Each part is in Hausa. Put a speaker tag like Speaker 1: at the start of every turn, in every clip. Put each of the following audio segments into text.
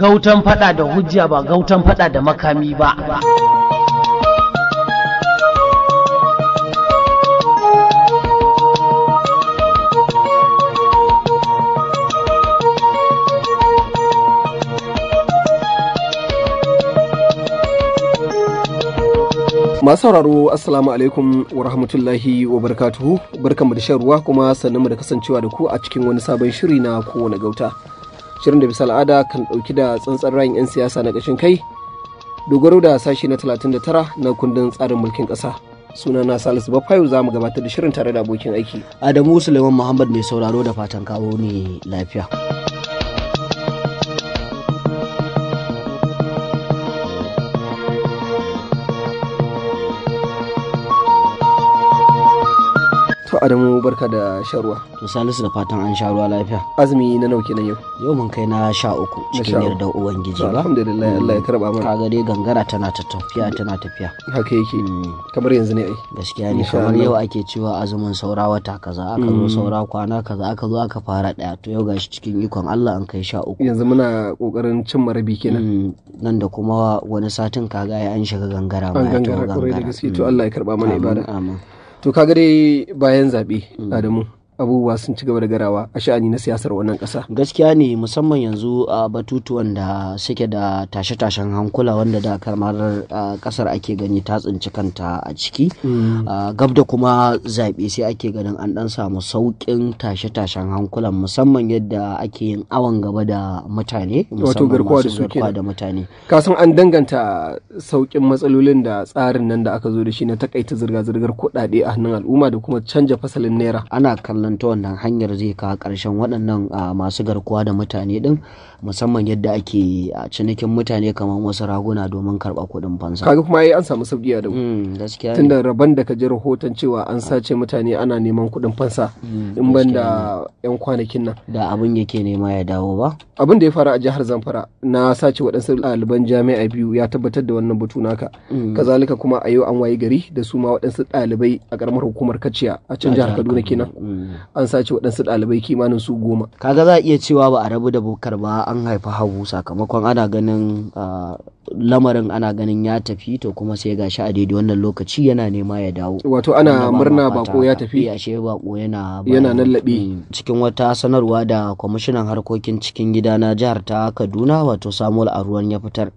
Speaker 1: gautan fada da hujja ba gautan fada da makami ba
Speaker 2: masu sauraro assalamu alaikum wa rahmatullahi wa barakatuhu barkanmu da shan ruwa kuma sannan mu da kasancewa da ku a cikin wani sabon shiri na kowane gauta shirin da bisa al'ada kan ɗauki da tsantsan rayin 'yan siyasa na ƙashin kai dogaro da sashi na 39 na kundin tsarin mulkin ƙasa suna na salisu bafayu za mu gabatar da shirin tare da abokin aiki adamu suleiman
Speaker 1: muhammad mai sauraro da fatan kawo ne lafiya
Speaker 2: To Adamu barka da
Speaker 1: sharuwa. To Salisu da fatan an sharuwa lafiya. Azumi na nauke na yau. Yau mun kai na sha uku cikin yarda Ubangiji. Alhamdulillah mm. Allah ya karba mana. Kaga dai gangara tana ta tafiya mm. tana tafiya. Haka yake. Mm. Kamar yanzu ne ai. Gaskiya ne kamar yau ake cewa azumin saura wata kaza aka zo saura kwana kaza aka zo aka fara daya to yau gashi cikin ikon Allah an kai sha uku. Yanzu muna kokarin
Speaker 2: cin marabi kenan. Nan da kuma wani satin kaga ya an shiga gangara ma ya to gangara. To Allah ya karba mana ibada. Amin. to kaga dai bayan zaɓe mm. adamu abubuwa sun ci gaba da garawa a sha'ani na siyasar wannan ƙasa. Gaskiya ne musamman yanzu a batutuwan
Speaker 1: da suke da tashe-tashen hankula wanda da kamar kasar ake gani ta tsinci kanta a ciki. Mm. Gab da kuma zaɓe sai ake ganin an ɗan samu sauƙin tashe-tashen hankulan musamman yadda ake yin awon gaba da mutane. Wato garkuwa da su da
Speaker 2: mutane. an danganta sauƙin matsalolin da tsarin nan da aka zo da shi na takaita zirga-zirgar kuɗaɗe a hannun al'umma da kuma canja fasalin naira. Ana kallon
Speaker 1: don wannan hanyar zai kawo ƙarshen waɗannan masu garkuwa da mutane ɗin musamman yadda
Speaker 2: ake a ah, cinikin mutane kamar wasu raguna domin karɓa kuɗin fansa kaga kuma ai an samu sauki a mm, gaskiya tunda rabon da ka ji rahoton cewa an sace mutane ana neman kuɗin fansa mm, in ban da yan kwanakin nan da abin yake nema ya dawo ba abin da ya faru a jihar Zamfara na sace waɗansu ɗaliban jami'a biyu ya tabbatar da wannan batu naka mm. kazalika kuma a yau an wayi gari da su ma waɗansu ɗalibai a ƙaramar hukumar Kaciya a can jihar Kaduna kenan an sace waɗansu ɗalibai kimanin su goma
Speaker 1: kaga za a iya cewa ba a rabu da bukar ba an haifi habu sakamakon ana ganin lamarin ana ganin ya tafi to kuma sai ga shi a daidai wannan lokaci yana nema ya dawo wato ana murna bako ya tafi bako yana yana nallabi cikin wata sanarwa da kwamishinan harkokin cikin gida na jihar ta kaduna wato samuel aruwan ya fitar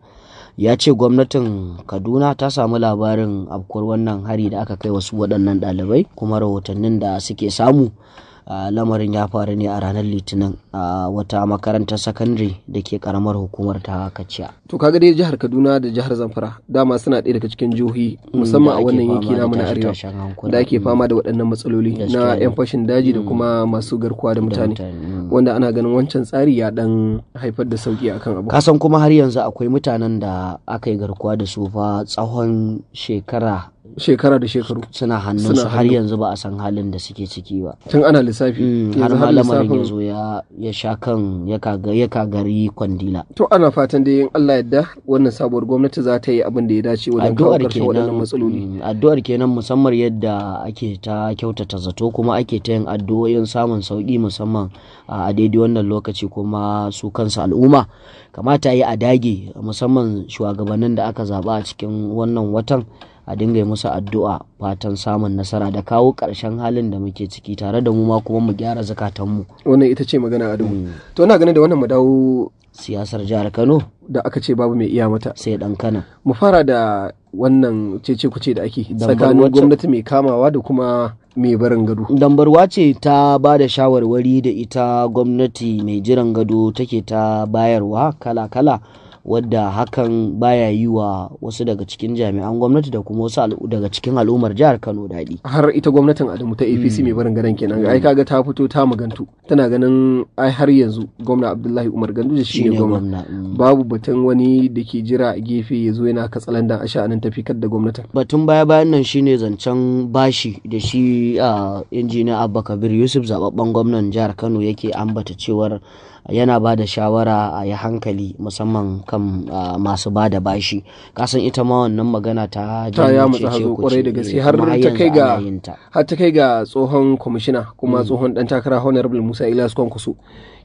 Speaker 1: ya ce gwamnatin kaduna ta samu labarin afkuwar wannan hari da aka kai wasu waɗannan ɗalibai kuma rahotannin da suke samu lamarin ya faru ne a ranar litinin a wata makarantar sakandare da ke karamar
Speaker 2: hukumar ta kaciya to kaga dai jihar kaduna da jihar zamfara dama suna ɗaya daga cikin jihohi mm, musamman a wannan yanki namu na arewa da ake fama da waɗannan matsaloli na yan fashin daji da mm. kuma masu garkuwa da mutane mm. wanda ana ganin wancan tsari ya dan haifar da sauki akan abu kasan
Speaker 1: kuma har yanzu akwai mutanen da aka yi garkuwa da su fa tsawon shekara shekara da shekaru suna hannun su har yanzu ba a san halin da suke ciki ba tun ana lissafi mm, har ma lamarin ya zo ya sha kan ya kagari kwandila
Speaker 2: to ana fatan da yin Allah yadda wannan sabuwar gwamnati za ta yi abin da ya dace wajen kawo ƙarshe waɗannan matsaloli
Speaker 1: mm, addu'ar kenan musamman yadda ake ta kyautata zato kuma ake ta yin addu'o'in samun sauki musamman a daidai wannan lokaci kuma su kansu al'umma kamata yi a dage musamman shugabannin da aka zaba a cikin wannan watan a dinga yi musu addu'a fatan samun nasara da kawo ƙarshen halin da muke ciki tare da mu ma kuma
Speaker 2: mu gyara zakatanmu wannan ita ce magana a dubu hmm. to ina ganin da wannan mu dawo siyasar jihar Kano da aka ce babu mai iya mata sai dan kana mu fara da wannan cece kuce da ake tsakanin gwamnati mai kamawa da kuma mai barin gado dambarwa ce ta
Speaker 1: ba da shawarwari da ita gwamnati mai jiran gado take ta bayarwa kala kala wadda hakan baya yi wa wasu daga cikin jami'an gwamnati da kuma wasu
Speaker 2: daga cikin al'ummar jihar Kano daɗi. Har ita gwamnatin Adamu ta APC hmm. mai barin garan kenan hmm. ai kaga ta fito ta magantu tana ganin ai har yanzu gwamna Abdullahi Umar Ganduje shi ne gwamna. Hmm. Babu batun wani da ke jira a gefe ya zo yana katsalandan a sha'anin kar da gwamnatin. Batun baya bayan nan shine zancen bashi da shi a ah, injiniya Abba Kabir Yusuf
Speaker 1: zababban gwamnan jihar Kano yake ambata cewar yana ba da shawara a yi hankali musamman kan masu ba da bashi kasan ita ma wannan magana ta ta ya mutu hazo kwarai da gaske har ta kai ga
Speaker 2: har ta kai ga tsohon kwamishina kuma mm. tsohon dan takara honorable Musa Ilas Kwankwaso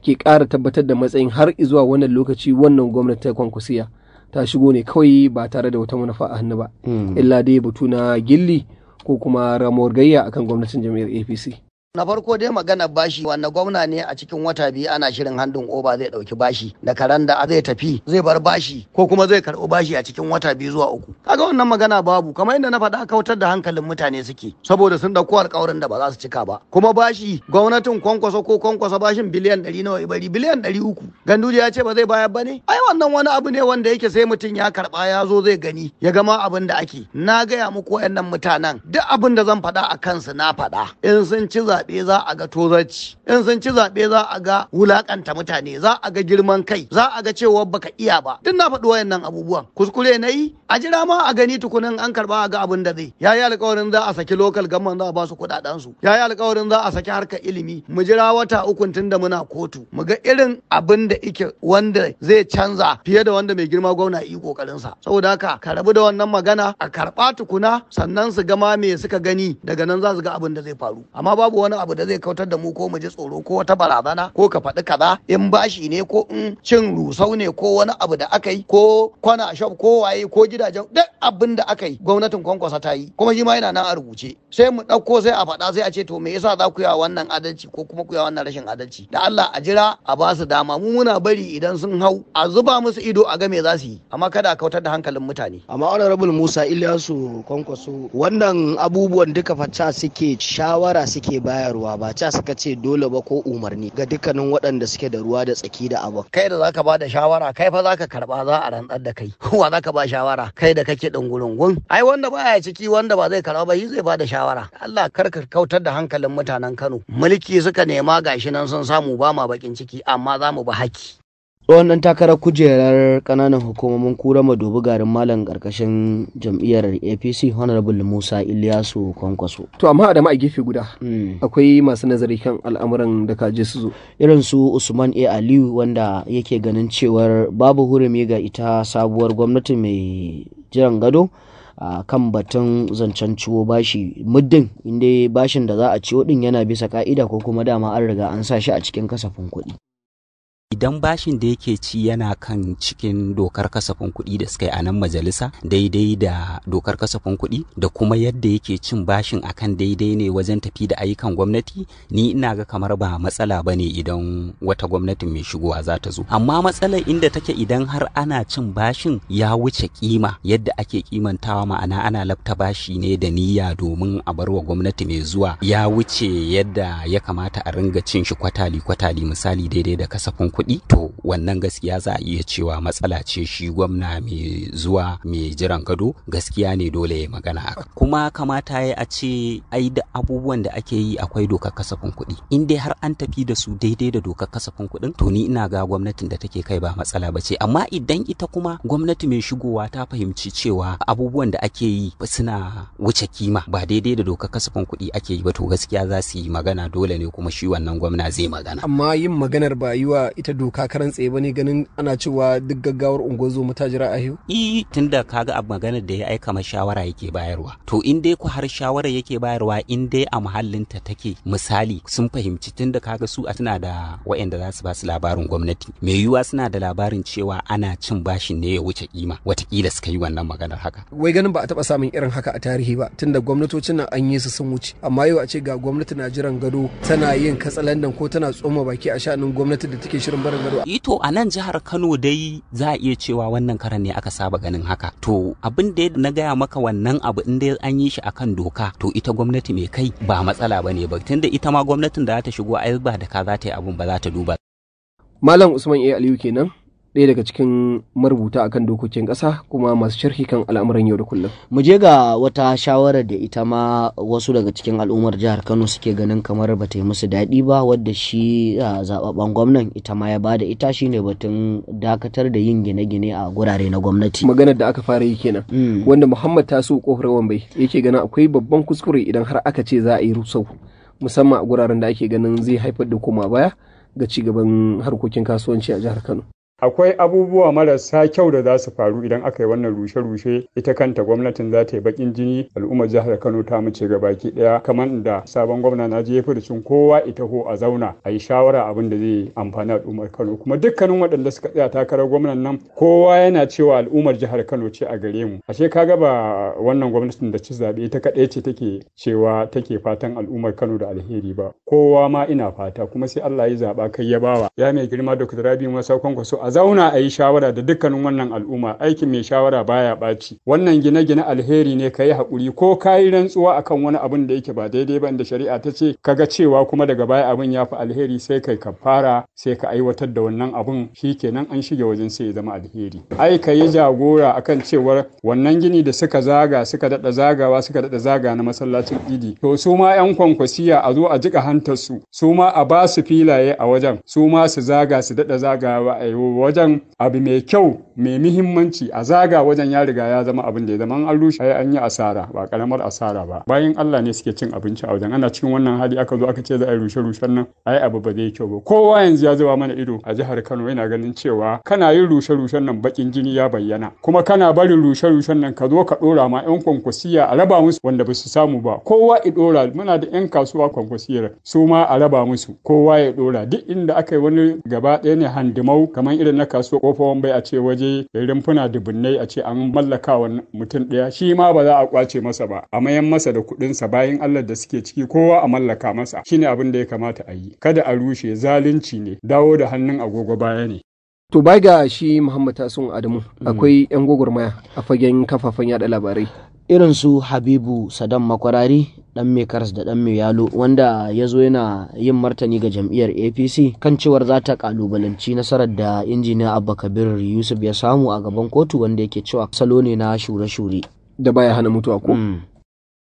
Speaker 2: ke kara tabbatar da matsayin har zuwa wannan lokaci wannan gwamnati ta Kwankwasiya ta shigo ne kawai ba tare da wata manufa a hannu ba mm. illa dai batu na gilli ko kuma ramuwar gayya akan gwamnatin jam'iyyar APC Na farko dai magana
Speaker 3: bashi wanda gwamna ne a cikin wata biyu ana shirin handin oba zai dauki bashi da karan da zai tafi zai bar bashi ko kuma zai karɓi bashi a cikin wata biyu zuwa uku. Kaga wannan magana babu kamar inda na faɗa kautar da hankalin mutane suke saboda sun dauko alƙawarin da ba za su cika ba. Kuma bashi gwamnatin kwankwasa ko kwankwasa bashin biliyan ɗari nawa ibari biliyan ɗari uku. Ganduje ya ce ba zai bayar ba ne? Ai wannan wani abu ne wanda yake sai mutum ya karɓa ya zo zai gani ya gama abin da ake. Na gaya muku wayannan mutanen duk abin da zan faɗa a kansu na faɗa. In sun ci zaɓe za a ga tozarci in sun ci zaɓe za a ga wulaƙanta mutane za a ga girman kai za a ga cewa baka iya ba tun na faɗi wayannan abubuwan kuskure na yi a jira ma a gani tukunin an karɓa a ga abin da zai yayi alƙawarin za a saki lokal gamman za a ba su kuɗaɗen su yayi alƙawarin za a saki harkar ilimi mu jira wata uku tun da muna kotu mu ga irin abin da ike wanda zai canza fiye da wanda mai girma gwamna yi sa saboda haka ka rabu da wannan magana a karɓa tukuna sannan su gama me suka gani daga nan za su ga abin da zai faru amma babu wani wani abu da zai kautar da mu ko mu ji tsoro ko wata barazana ko ka faɗi kaza in bashi ne ko in cin rusau ne ko wani abu da aka yi ko kwana shop ko waye ko gidajen duk abin da aka yi gwamnatin kwankwasa ta yi kuma shi ma yana nan a rubuce sai mu ɗauko sai a faɗa sai a ce to me yasa za ku yi wannan adalci ko kuma ku yi wannan rashin adalci da Allah a jira a ba su dama mu muna bari idan sun hau a zuba musu ido a ga me za su yi amma kada a kautar da hankalin mutane
Speaker 1: amma honorable Musa Ilyasu kwankwaso wannan abubuwan duka facca suke shawara suke bayar bayarwa ba ca suka ce dole ba ko umarni ga dukkanin waɗanda suke da ruwa da tsaki da abu
Speaker 3: kai da zaka ba da shawara kai fa zaka karba za a rantsar da kai wa zaka ba shawara kai da kake dungurungun ai wanda baya ciki wanda ba zai karba ba shi zai ba da shawara Allah kar ka kautar da hankalin mutanen Kano mulki suka nema gashi nan sun samu ba ma bakin ciki amma zamu mu ba haki
Speaker 1: tsohon dan takarar kujerar kananan hukumomin kura madobi garin malam karkashin jam'iyyar apc honorable musa iliyasu kwankwaso to amma da a gefe guda hmm. akwai masu nazari kan al'amuran da ka je su zo irin usman a aliyu wanda yake ganin cewar babu hurumi ga ita sabuwar gwamnati mai jiran gado a kan batun zancen ciwo bashi muddin inda bashin da za a ciwo din yana bisa ka'ida ko kuma dama an riga an sa shi a cikin kasafin kuɗi
Speaker 4: idan bashin da yake ci yana kan cikin dokar kasafin kuɗi da suka yi a nan majalisa daidai da dokar kasafin kuɗi da kuma yadda yake cin bashin akan daidai ne wajen tafi da ayyukan gwamnati ni ina ga kamar ba matsala ba ne idan wata gwamnati mai shigowa za ta zo amma matsalar inda take idan har ana cin bashin ya wuce kima yadda ake kimantawa ma'ana ana lafta bashi ne da niyya domin a bar wa gwamnati mai zuwa ya wuce yadda ya kamata a ringa cin shi kwatali kwatali misali daidai da kasafin kuɗi to wannan gaskiya za a iya cewa matsala ce shi gwamna mai zuwa mai jiran gado gaskiya ne dole ya magana kuma kamata ya a ce ai da abubuwan da ake yi akwai dokar kasafin kuɗi in dai har an tafi da su daidai da dokar kasafin kuɗin to ni ina ga gwamnatin da take kai ba matsala ba ce amma idan ita kuma gwamnati mai shigowa ta fahimci cewa abubuwan da ake yi suna wuce kima ba daidai da dokar kasafin kuɗi ake yi ba to gaskiya za su yi magana dole ne kuma shi wannan gwamna zai magana
Speaker 2: amma yin maganar ba yi wa ita ta doka karan tsaye bane ganin ana cewa duk gaggawar unguwar ta jira a hiu
Speaker 4: tun da kaga a maganar da ya aika ma shawara yake bayarwa to in dai ku har shawara yake bayarwa in dai a muhallinta take misali sun fahimci tun ka kaga su a tana da wayanda za su ba su labarin gwamnati me yiwuwa suna da labarin cewa ana cin bashin ne ya wuce kima watakila suka yi wannan maganar haka
Speaker 2: wai ganin ba a taba samun irin haka a tarihi ba tun da gwamnatocin nan an yi su sun wuce amma yau a ce ga gwamnati na jiran gado tana yin katsalandan ko tana tsoma baki a sha'anin gwamnati da take shirin cikin barin gado
Speaker 4: ito eh a nan jihar Kano dai za a iya cewa wannan karan ne aka saba ganin haka to abin da na gaya maka wannan abu inda an yi shi akan doka to ita gwamnati mai kai ba matsala ba ne ba da ita ma gwamnatin da za ta shigo ai ba da ka za ta yi abun ba za ta duba
Speaker 2: Malam Usman A. Aliyu kenan ɗaya daga cikin marubuta akan dokokin ƙasa kuma masu sharhi kan al'amuran yau da kullum. Mu je ga wata
Speaker 1: shawarar da ita ma wasu daga cikin al'ummar jihar Kano suke ganin kamar ba ta yi musu daɗi ba wadda shi zababben gwamnan ita ma ya da ita shine batun dakatar da yin
Speaker 2: gine-gine a gurare na gwamnati. Maganar da aka fara yi kenan hmm. wanda Muhammad Tasu kofar Wambai yake ganin akwai babban kuskure idan har aka ce za a yi rusau musamman a guraren da ake ganin zai haifar da koma baya ga ci gaban harkokin kasuwanci a jihar Kano.
Speaker 5: akwai abubuwa marasa kyau da za su faru idan aka yi wannan rushe-rushe ita kanta gwamnatin za ta yi bakin jini al'ummar jihar kano ta mace baki daya kamar da sabon gwamna na je furcin kowa ita ho a zauna a yi shawara abin da zai amfani al'ummar kano kuma dukkanin waɗanda suka tsaya takarar gwamnan nan kowa yana cewa al'ummar jihar kano ce a gare mu ashe kaga ba wannan gwamnatin da ci zaɓe ita kaɗai ce take cewa take fatan al'ummar kano da alheri ba kowa ma ina fata kuma sai allah ya zaɓa kai ya bawa ya mai girma dr rabi musa kwaso a zauna a yi shawara da dukkanin wannan al'umma aikin mai shawara baya ɓaci wannan gine-gine alheri ne ka yi haƙuri ko ka yi rantsuwa a kan wani abin da yake ba daidai ba da shari'a ta ce ka ga cewa kuma daga baya abin ya fi alheri sai kai ka fara sai ka aiwatar da wannan abin shi kenan an shige wajen sai ya zama alheri ai ka yi jagora a kan cewar wannan gini da suka zaga suka daɗa zagawa suka daɗa zaga na masallacin idi to su ma 'yan kwankwasiya a zo a jiƙa hantarsu su ma a ba su filaye a wajen su ma su zaga su daɗa zagawa a yi wajen abu mai kyau mai muhimmanci a zaga wajen ya riga ya zama abin da ya zama an rushe ai an yi asara ba karamar asara ba bayan Allah ne suke cin abinci a wajen ana cikin wannan hali aka zo aka ce za a yi rushe rushen nan ai abu ba zai kyau ba kowa yanzu ya zuba mana ido a jihar Kano yana ganin cewa kana yin rushe rushen nan bakin jini ya bayyana kuma kana barin rushe rushen nan ka zo ka dora ma yan kwankwasiya a raba musu wanda ba su samu ba kowa i dora muna da yan kasuwa kwankwasiyar su ma a raba musu kowa ya dora duk inda aka yi wani gaba ɗaya ne handimau kamar irin irin na kasuwa kofofin bai a ce waje rumfuna dubunnai a ce an mallaka wa mutum ɗaya shi ma ba za a kwace masa ba a mayan masa da kuɗin sa bayan Allah da suke ciki kowa a mallaka masa shine abin da ya kamata a yi kada a rushe zalunci ne dawo da hannun agogo baya ne To bai ga shi Muhammad
Speaker 2: Tasun Adamu mm. akwai 'yan gwagwarmaya a fagen kafafen yada labarai. irin su habibu
Speaker 1: sadam makwarari dan mai karas da dan mai yalo wanda ya zo yana yin martani ga jam'iyyar apc kan cewar za ta kalubalanci nasarar da injiniya abba kabir yusuf
Speaker 6: ya samu a gaban kotu wanda yake cewa salo ne na shure-shure da baya hana mutuwa ko mm.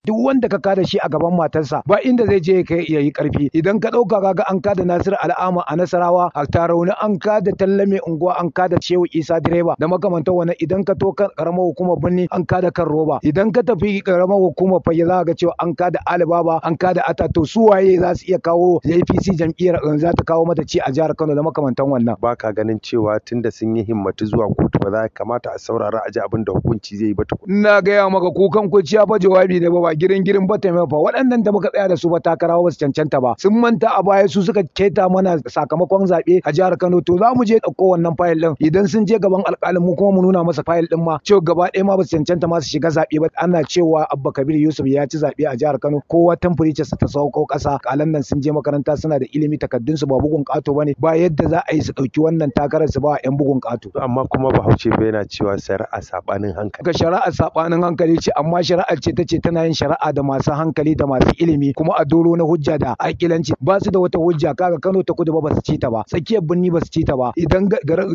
Speaker 6: duk wanda ka kada shi a gaban matarsa ba inda zai je ya yayi karfi idan ka dauka kaga an kada Nasir Al'ama a Nasarawa a Tarauni an kada Tallame Unguwa an kada Shehu Isa Direba da makamantan wannan idan ka to kan karamar hukumar Birni an kada kan roba idan ka tafi karamar hukumar Fayya za ga cewa an kada Alibaba an kada Ata to su waye za su iya kawo APC jam'iyyar za ta kawo mata ci a jihar Kano da makamantan wannan ba ka ganin cewa tunda sun yi himmatu zuwa kotu ba za ka kamata a saurara a ji abin da hukunci zai yi ba tukun na ga ya maka kukan kuciya ba jawabi ne ba ba girin girin ba taimaka ba waɗannan da muka tsaya da su ba takara ba su cancanta ba sun manta a baya su suka keta mana sakamakon zaɓe a jihar Kano to za mu je ɗauko wannan fayil ɗin idan sun je gaban alƙalin mu kuma mu nuna masa fayil ɗin ma cewa gaba ɗaya ma ba su cancanta ma su shiga zaɓe ba ana cewa Abba Kabir Yusuf ya ci zaɓe a jihar Kano kowa tamfurice ta sauko ƙasa kalan nan sun je makaranta suna da ilimi takaddun su ba bugun ƙato bane ba yadda za a yi su ɗauki wannan takarar su ba ƴan bugun ƙato amma kuma Bahaushe bai yana cewa shari'a sabanin hankali ga shari'a sabanin hankali ce amma shari'a ce ce tana yin shari'a da masu hankali da masu ilimi kuma a doro na hujja da aƙilanci ba su da wata hujja kaga Kano ta kudu ba basu ci ta ba tsakiyar birni basu ci ta ba idan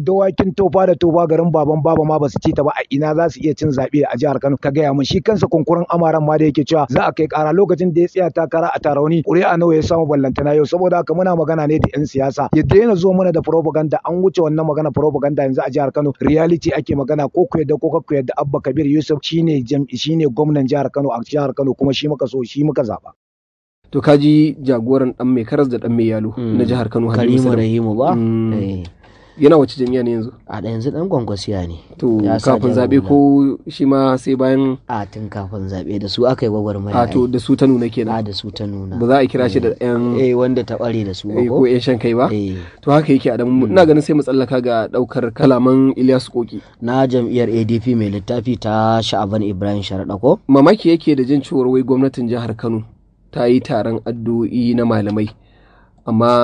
Speaker 6: dawakin tofa da tofa garin baban baba ma basu ci ta ba a ina za su iya cin zaɓe a jihar Kano ka gaya mun shi kansa kunkurin amaran ma da yake cewa za a kai ƙara lokacin da ya tsaya takara a tarauni ƙuri'a nawa ya samu ballantana yau saboda haka muna magana ne da 'yan siyasa ya daina zo mana da propaganda an wuce wannan magana propaganda yanzu a jihar Kano reality ake magana ko ku yadda ko ku yadda Abba Kabir Yusuf shine shine gwamnan jihar Kano a jihar Kano kuma shi muka so shi muka zaba to kaji jagoran ɗan mai karas da ɗan mai yalo
Speaker 2: mm. na jihar Kano Halimu Rahimu ba mm. eh. yana wace jami'a ne yanzu a da yanzu dan gwangwasiya ne to kafin zabe ko shi ma sai bayan a tun kafin zabe da su aka yi gwagwar mai a to da su ta nuna kenan a da su ta nuna ba za a kira shi da yan eh. eh wanda ta bare da su eh, ko yan shan kai ba eh. to haka yake adamu hmm. ina ganin sai mu tsallaka ga daukar kalaman Ilyas Koki na jam'iyyar ADP mai littafi ta Sha'aban Ibrahim Sharadako mamaki yake da jin cewar wai gwamnatin jihar Kano ta yi taron addu'o'i na malamai amma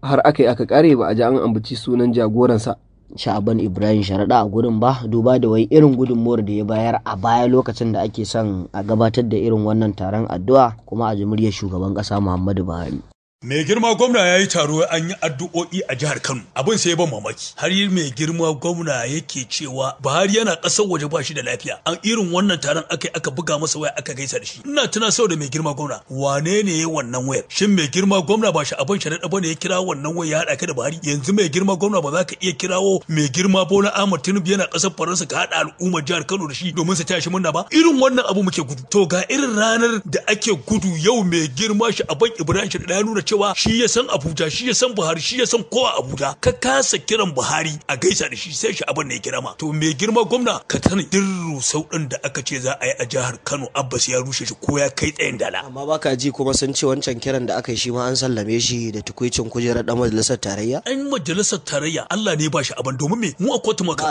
Speaker 2: har aka yi aka kare ba a ji an ambaci sunan jagoransa sha'aban ibrahim sharaɗa
Speaker 1: a gurin ba duba da wai irin gudunmuwar da ya bayar a baya lokacin da ake son a gabatar da irin wannan taron addu'a kuma a ji shugaban ƙasa muhammadu buhari
Speaker 7: Mai girma gwamna ya yi taro an yi addu'o'i a jihar Kano. Abin sai ban mamaki. Har mai girma gwamna yake cewa Buhari yana ƙasar waje ba shi da lafiya. An irin wannan taron aka yi aka buga masa waya aka gaisa da shi. Ina tana sau da mai girma gwamna. Wane ne ya wannan wayar? Shin mai girma gwamna ba shi abin sharaɗa ba ne ya kira wannan waya ya haɗa ka da Buhari? Yanzu mai girma gwamna ba za ka iya kirawo mai girma Bola Ahmad Tinubu yana ƙasar Faransa ka haɗa al'umma jihar Kano da shi domin su tashi murna ba? Irin wannan abu muke gudu. To ga irin ranar da ake gudu yau mai girma shi abin Ibrahim ya nuna cewa shi ya san Abuja shi ya san Buhari shi ya san kowa Abuja ka kasa kiran Buhari a gaisa da shi sai shi abin da ya kira ma to me girma gwamna ka sani dirru sau din da aka ce za a yi a jihar Kano Abbas ya rushe shi ko ya kai tsayin dala
Speaker 1: amma baka ji kuma sun ce wancan kiran da aka yi shi ma an sallame shi da tukuicin kujerar dan majalisar tarayya
Speaker 7: an majalisar tarayya Allah ne ba shi abin domin me mu a kotu muka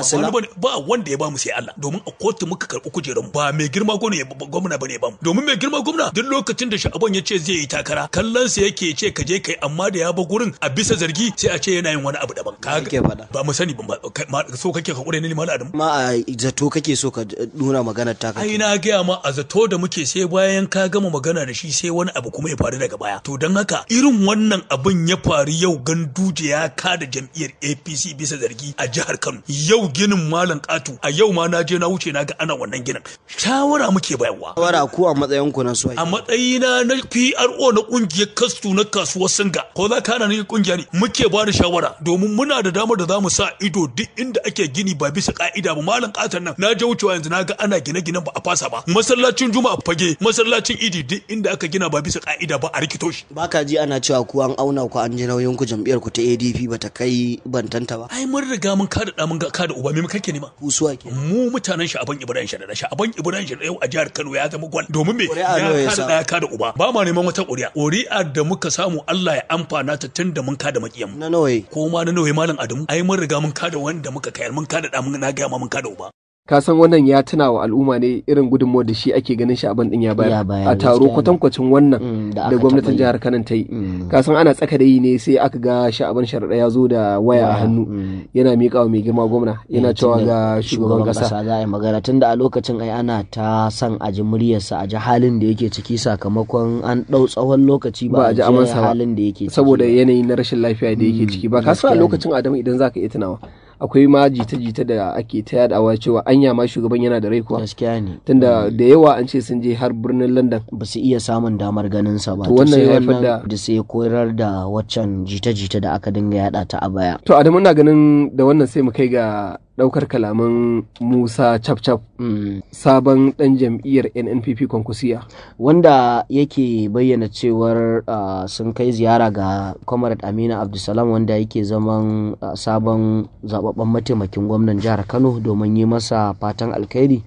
Speaker 7: ba wanda ya ba mu sai Allah domin a kotu muka karɓi kujerun ba me girma gwamna bane ba mu domin me girma gwamna duk lokacin da shi abin ya ce zai yi takara kallon sa yake ce ce ka je kai amma da ya ba gurin a bisa zargi sai a ce yana yin wani abu daban ka ba mu sani ba so kake ka kure ne
Speaker 1: limanin adam ma a zato kake so ka nuna magana ta
Speaker 7: ai na gaya ma a zato da muke sai bayan ka gama magana da shi sai wani abu kuma ya faru daga baya to dan haka irin wannan abin ya faru yau ganduje ya kada jam'iyyar APC bisa zargi a jihar Kano yau ginin malam katu a yau ma na je na wuce na ga ana wannan ginin shawara muke bayarwa
Speaker 1: shawara ku a matsayin ku na so a
Speaker 7: matsayina na PRO na kungiyar kastu na kasuwar singa ko za ka ni kungiya ne muke ba da shawara domin muna da damar da za mu sa ido duk inda ake gini ba bisa ka'ida ba malam katon nan na je wucewa yanzu na ga ana gine-ginen ba a fasa ba masallacin juma'a fage masallacin idi duk inda aka gina ba bisa ka'ida ba a rikito shi
Speaker 1: baka ji ana cewa ku an auna ku an ji nauyin ku jam'iyyar ku ta ADP ta kai bantanta ba ai
Speaker 7: mun riga mun kada da mun ga kada uba me kake nema suwa ke mu mutanen aban ibrahim shi aban ibrahim shadada yau a jihar Kano ya zama gwal domin me ya kada da ya kada uba ba ma neman wata ƙuri'a ƙuri'ar da muka samu samu Allah ya amfana ta tun da mun kada makiyan na nawaye ko ma na nawaye malam Adamu ai mun riga mun kada wanda muka kayar mun kada da mun na ga mun kada uba
Speaker 2: ka san wannan ya tuna wa al'umma ne irin gudunmawar da shi ake ganin shi abin din ya bayar a taro kwatankwacin wannan mm, da gwamnatin jihar Kano ta yi mm. ka san ana tsaka da yi ne sai aka ga sha'aban sharaɗa ya zo da waya a hannu mm. yana miƙa wa mai girma gwamna eh, yana cewa ga shugaban kasa za
Speaker 1: a yi magana tunda a lokacin ai ana ta san a ji muryarsa a ji halin
Speaker 2: da yake ciki sakamakon an ɗau tsawon lokaci ba a ji halin da yake ciki saboda yanayi na rashin lafiya da yake ciki ba ka san a lokacin Adamu idan zaka iya tunawa akwai ma jita-jita da ake ta yadawa cewa anya ma shugaban yana da rai kuwa gaskiya ne tunda eh. da yawa an ce sun je har birnin London ba su iya samun damar ganin sa ba to wannan ya haifar da
Speaker 1: da sai koyar da waccan jita-jita da aka dinga yada ta a baya to
Speaker 2: Adamu na ganin da wannan sai mu kai ga ɗaukar kalaman Musa Chapchap mm. sabon dan jam'iyyar NNPP kwankusiya Wanda yake bayyana cewar ah, sun kai ziyara ga Comrade
Speaker 1: Amina Abdulsalam wanda yake zaman ah, sabon zababben mataimakin gwamnan jihar Kano domin yi masa fatan alkhairi.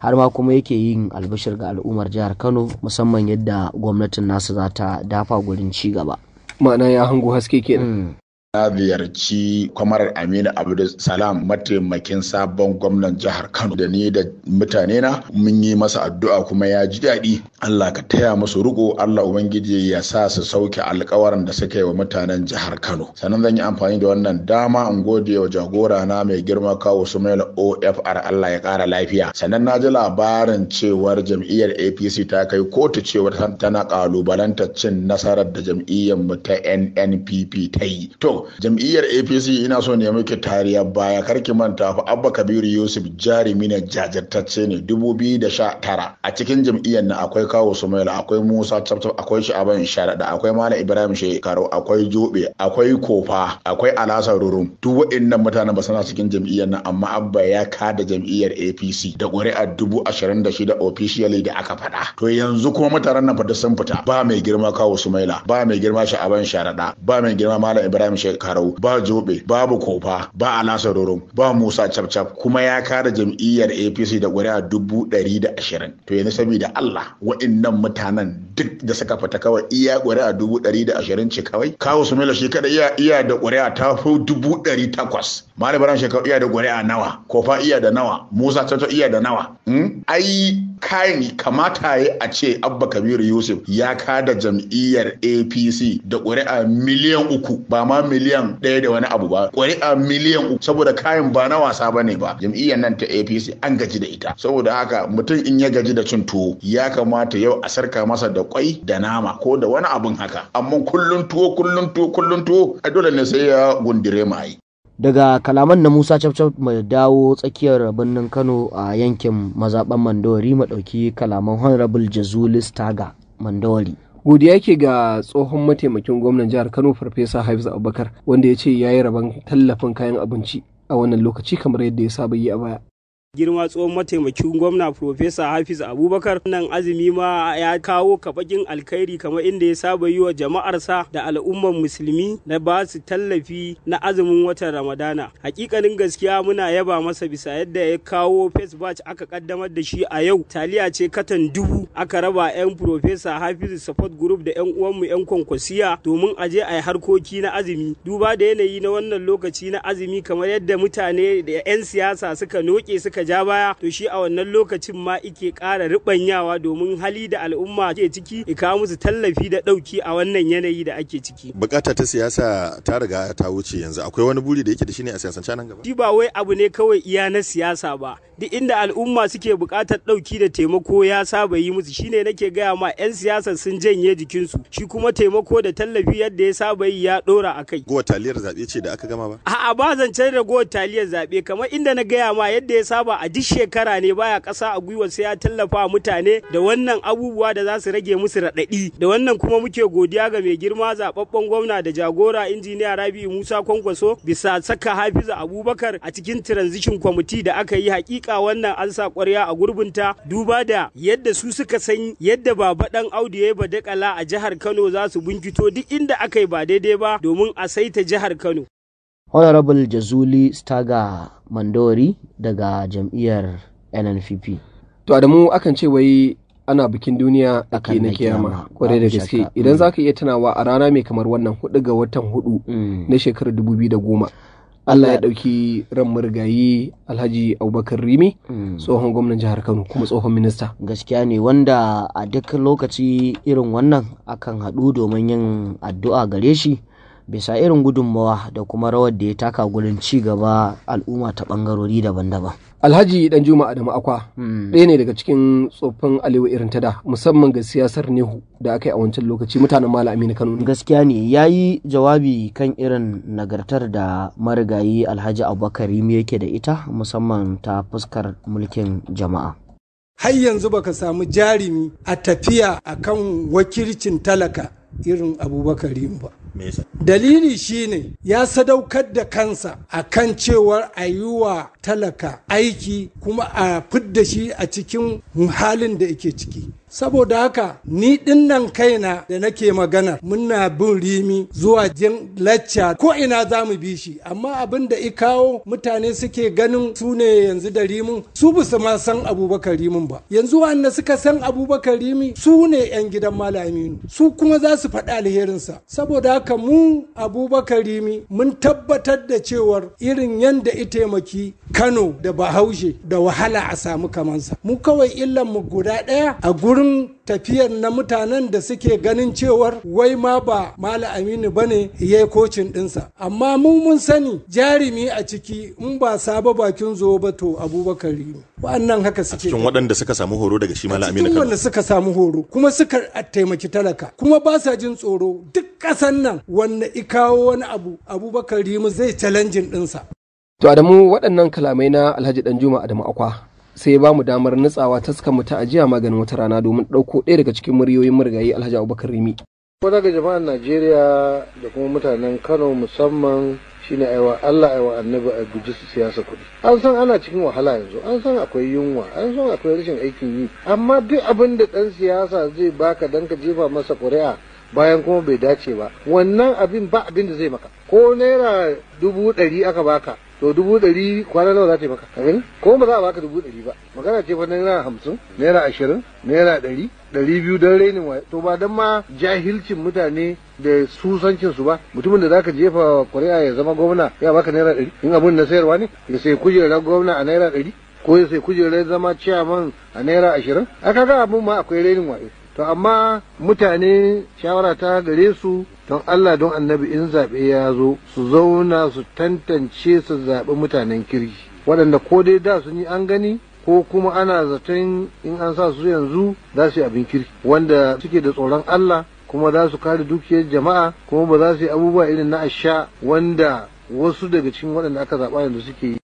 Speaker 1: har ma kuma yake yin albashir ga al'ummar jihar Kano musamman yadda gwamnatin nasu za ta dafa gurin ci gaba.
Speaker 2: Ma'ana ya hango
Speaker 8: haske kenan. Mm. Na ziyarci kwamarar Aminu Abdul salam mataimakin sabon gwamnan jihar Kano da ni da mutane na mun yi masa addu'a kuma ya ji daɗi. Allah ka taya musu riko Allah Ubangiji ya sa su sauke alkawarin da suka yi wa mutanen jihar Kano. Sannan zan yi amfani da wannan dama in gode wa jagora na mai girma kawo mai OFR Allah ya ƙara lafiya. Sannan na ji labarin cewar jam'iyyar APC ta kai kotu cewar tana ƙalubalantar cin nasarar da jam'iyyar mu ta NNPP ta yi. jam'iyyar APC ina so ne muke tariya baya karki manta fa Abba Kabiru Yusuf jarumi ne jajirtacce ne 2019 a cikin jam'iyyar na akwai Kawo Sumail akwai Musa Chapchap akwai Sha'aban sharaɗa akwai Malam Ibrahim Shekaru akwai Jobe akwai Kofa akwai Alasa Rurum duk waɗannan mutanen ba suna cikin jam'iyyar na amma Abba ya kada jam'iyyar APC da ƙuri'a dubu ashirin da shida officially da aka faɗa to yanzu kuma mutanen nan fa sun fita ba mai girma Kawo Sumaila ba mai girma Sha'aban sharaɗa ba mai girma Malam Ibrahim Shekaru shekaru ba jobe babu kofa ba a nasa ba musa cabcab, kuma ya kare jam'iyyar apc da ƙuri'a dubu ɗari da ashirin to yanzu saboda allah wa'innan mutanen duk da suka fita kawai iya ƙuri'a dubu ɗari da ashirin ce kawai kawo su mila shekara iya iya da ƙuri'a ta fi dubu ɗari takwas Malibaran shekaru iya da ƙuri'a nawa kofa iya da nawa musa capcap iya da nawa hmm? ai Kayin kamata ya a ce abba kabiru yusuf ya kada jam'iyyar apc da ƙuri'a miliyan uku ba ma miliyan ɗaya da wani abu ba ƙuri'a miliyan uku saboda kayan ba na wasa ba ne ba jam'iyyar nan ta apc an gaji da ita saboda haka mutum in ya gaji da cin tuwo ya kamata yau a sarka masa da kwai da nama ko da wani abin haka amma kullum tuwo kullum tuwo kullum tuwo a dole ne sai ya gundire ma yi
Speaker 1: daga kalaman na musa cafcaf mai dawo tsakiyar birnin kano a yankin mazaɓan mandori maɗauki kalaman honorable jazulis
Speaker 2: taga mandori godiya ke ga tsohon mataimakin gwamnan jihar kano farfesa hafiz abubakar wanda ya ce ya yi rabon tallafin kayan abinci a wannan lokaci kamar yadda ya saba yi a baya
Speaker 9: girma tsohon mataimakin gwamna Profesa Hafiz Abubakar nan azumi ma ya kawo kafakin alkhairi kamar inda ya saba yi wa jama'arsa da al'ummar musulmi na ba su tallafi na azumin watan Ramadana. Hakikanin gaskiya muna yaba masa bisa yadda ya kawo face batch aka kaddamar da shi a yau taliya ce katan dubu aka raba 'yan Profesa Hafiz Support Group da 'yan uwanmu 'yan kwankwasiya domin a je a yi harkoki na azumi. Duba da yanayi na wannan lokaci na azumi kamar yadda mutane da 'yan siyasa suka noke suka suka ja baya to shi a wannan lokacin ma ike ƙara ribanyawa domin hali da al'umma ke ciki i kawo musu tallafi da ɗauki a wannan yanayi da ake ciki.
Speaker 8: Bukata ta siyasa ta riga ta wuce yanzu akwai wani buri da yake da shi ne a siyasance nan gaba.
Speaker 9: Shi ba wai abu ne kawai iya na siyasa ba duk inda al'umma suke buƙatar ɗauki da taimako ya saba yi musu shine nake gaya ma 'yan siyasa sun janye jikinsu shi kuma taimako da tallafi yadda ya saba yi ya ɗora a kai. Gowa taliyar zaɓe ce da aka gama ba? A'a ba zan da gowa taliyar zaɓe kamar inda na gaya ma yadda ya saba ba a duk shekara ne baya ƙasa a gwiwa sai ya tallafa mutane da wannan abubuwa da za su rage musu raɗaɗi da wannan kuma muke godiya ga mai girma zaɓaɓɓen gwamna da jagora injiniya rabi Musa Kwankwaso bisa saka Hafiza Abubakar a cikin transition committee da aka yi hakika wannan an sa ƙwarya a ta duba da yadda su suka san yadda baba dan Audu ya badakala a jihar Kano za su binkito duk inda aka yi ba daidai ba domin a saita jihar Kano.
Speaker 1: honorable jazuli staga mandori daga jam'iyyar nnpp
Speaker 2: to adamu akan ce wai ana bikin duniya a ke na kiyama kwarai da gaske idan mm. za ka iya tunawa a rana mai kamar wannan hudu ga watan hudu mm. na shekarar dubu biyu da goma Allah ya ɗauki ran marigayi Alhaji Abubakar Rimi mm. tsohon gwamnan jihar Kano kuma tsohon minista. Gaskiya ne wanda a duk
Speaker 1: lokaci irin wannan akan haɗu domin yin addu'a gare shi bisa irin gudunmawa da kuma rawar da ya taka gurin ci gaba al'umma ta bangarori daban-daban.
Speaker 2: Alhaji Dan Juma Adamu Akwa hmm. ɗaya ne daga cikin tsoffin Aliyu irin ta da musamman ga siyasar Nehu da aka yi a wancan lokaci mutanen Malam Aminu Kano. Gaskiya ne ya yi jawabi
Speaker 1: kan irin nagartar da marigayi Alhaji Abubakar Rimi yake da ita musamman ta fuskar mulkin jama'a.
Speaker 10: har yanzu baka samu jarumi a tafiya akan wakilcin talaka irin abubakari ba dalili shi ne ya sadaukar da kansa a kan cewar a yi wa talaka aiki kuma a fidda shi a cikin halin da yake ciki saboda haka ni dinnan kaina da nake maganar muna bin rimi zuwa jin lacca ko ina za mu bi shi amma abin da ikawo mutane suke ganin su ne yanzu da rimin su bu su ma san abubakar rimin ba yanzu wanda suka san abubakar rimi su ne yan gidan malaminu su kuma za su faɗi alherinsa saboda haka mu abubakar rimi mun tabbatar da cewar irin yanda ita taimaki kano da bahaushe da wahala a samu kamansa mu kawai illan mu guda ɗaya a gurin wurin tafiyar na mutanen da suke ganin cewar wai ma ba mala aminu bane ya yi kocin ɗinsa amma mu mun sani jarumi a ciki in ba saba bakin zo ba to abubakar wa'annan haka suke cikin
Speaker 8: waɗanda suka samu horo daga shi mala aminu wanda
Speaker 10: suka samu horo kuma suka taimaki talaka kuma ba sa jin tsoro duk ƙasan nan wanda ikawo wani abu abubakar rimu zai challenge ɗinsa
Speaker 2: to adamu waɗannan kalamai na alhaji danjuma adamu akwa sai ba mu damar nutsawa taskar mu ta ajiya maganin wata rana domin ɗauko ɗaya daga cikin muryoyin marigayi alhaji abubakar rimi.
Speaker 11: ko daga jama'ar najeriya da kuma mutanen kano musamman shine aiwa allah aiwa annabi a guji su siyasa kuɗi an san ana cikin wahala yanzu an san akwai yunwa an san akwai rashin aikin yi amma duk abin da ɗan siyasa zai baka dan ka jefa masa kuri'a bayan kuma bai dace ba wannan abin ba abin da zai maka ko naira dubu ɗari aka baka to dubu ɗari kwana nawa za ta yi maka ka ko ba za a baka dubu ɗari ba magana ce fa naira hamsin naira ashirin naira ɗari ɗari biyu don rainin waye to ba don ma jahilcin mutane da susancin su ba mutumin da za ka jefa kuri'a ya zama gwamna ya baka naira ɗari in abin na sayarwa ne ya sai kujerar gwamna a naira ɗari ko ya sai kujerar zama ciyaman a naira ashirin a kaga abin ma akwai rainin waye to amma mutane shawara ta gare su don Allah don annabi in zaɓe ya zo su zauna su tantance su zaɓi mutanen kirki waɗanda ko dai da sun yi an gani ko kuma ana zaton in an sa su yanzu za su yi abin kirki wanda suke da tsoron Allah kuma za su kare dukiyar jama'a kuma ba za su yi abubuwa irin na asha wanda wasu daga cikin waɗanda aka zaɓa yanzu suke yi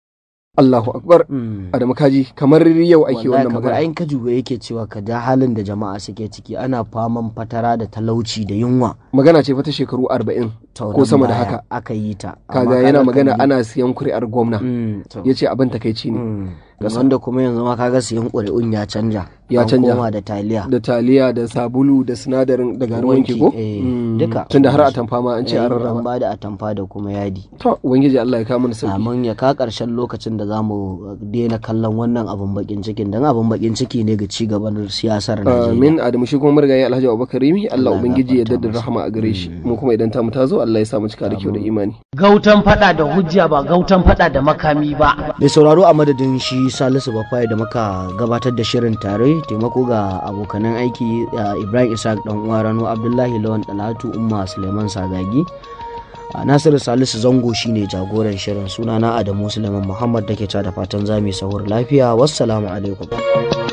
Speaker 11: Allahu akbar
Speaker 2: hmm.
Speaker 1: Adamu kaji kamar yau ake wannan magana ayin kaji yake cewa ka da halin da jama'a suke ciki ana faman fatara da talauci da yunwa magana ce fata shekaru arba'in ko sama da haka aka yi ta kaga yana magana ana
Speaker 2: siyan kuri'ar gwamna hmm, yace abin takaici ne hmm. wanda kuma yanzu ma kaga siyan ƙuri'un ya canja ya canja da taliya da taliya da sabulu da sinadarin daga ruwan wanki ko eh, hmm. duka tunda har a tamfa ma an ce an eh, rarraba ba da atamfa da
Speaker 1: kuma yadi
Speaker 2: to ubangiji Allah ya kawo mana sauki amin
Speaker 1: ya ka karshen lokacin da zamu daina kallon wannan abun bakin cikin dan abun bakin ciki ne ga ci gaban siyasar Najeriya amin
Speaker 2: adamu shi kuma murgayi Alhaji Abubakar Rimi Allah ubangiji ya daddar rahama a gare shi mu kuma idan ta mu tazo Allah ya sa mu cika da kyau da imani
Speaker 1: gautan fada da hujja ba gautan fada da makami ba
Speaker 2: mai sauraro a madadin
Speaker 1: shi salisu bafai da muka gabatar da shirin tare taimako ga abokanan aiki ibrahim isaac dan uwa rano abdullahi lawan dalatu umma suleiman sagagi nasiru salisu zango shine jagoran shirin sunana adamu suleiman muhammad da ke da fatan zami sahur lafiya wassalamu alaikum